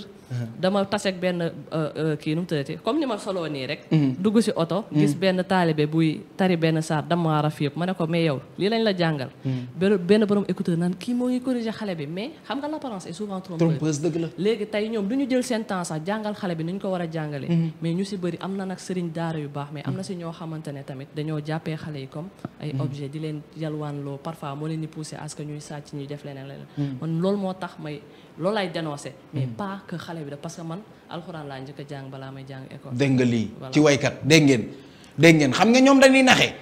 Uh-huh. dama benn uh, uh, kii comme ni ma soloo nii uh-huh. oto uh-huh. gis benn taalibe buy tari benn saar dama raf yëpp ma ko mais yow lii lañ la jàngal benn benn borom écouteur naan kii moo ngi corriger xale bi mais xam nga l'apparence est souvent trompeuse dëgg la léegi tey ñoom du ñu jël seen temps sax jàngal xale bi ni ñu ko war a jàngale mais ñu si bëri am na nag sëriñ daara yu baax mais am na si ñoo xamante ne tamit dañoo jàppee xale yi comme ay objet di leen yalwaan loo parfois moo leen di pousser à que ñuy sàcc ñuy def leneen leneen man loolu moo tax may loolu lay dénoncer mais pas que xale bi da parce que man alxuraan laa njëkk a jàng balaa may jàng école. dégg nga lii ci waykat dégg ngeen dégg ngeen xam nga ñoom dañuy naxee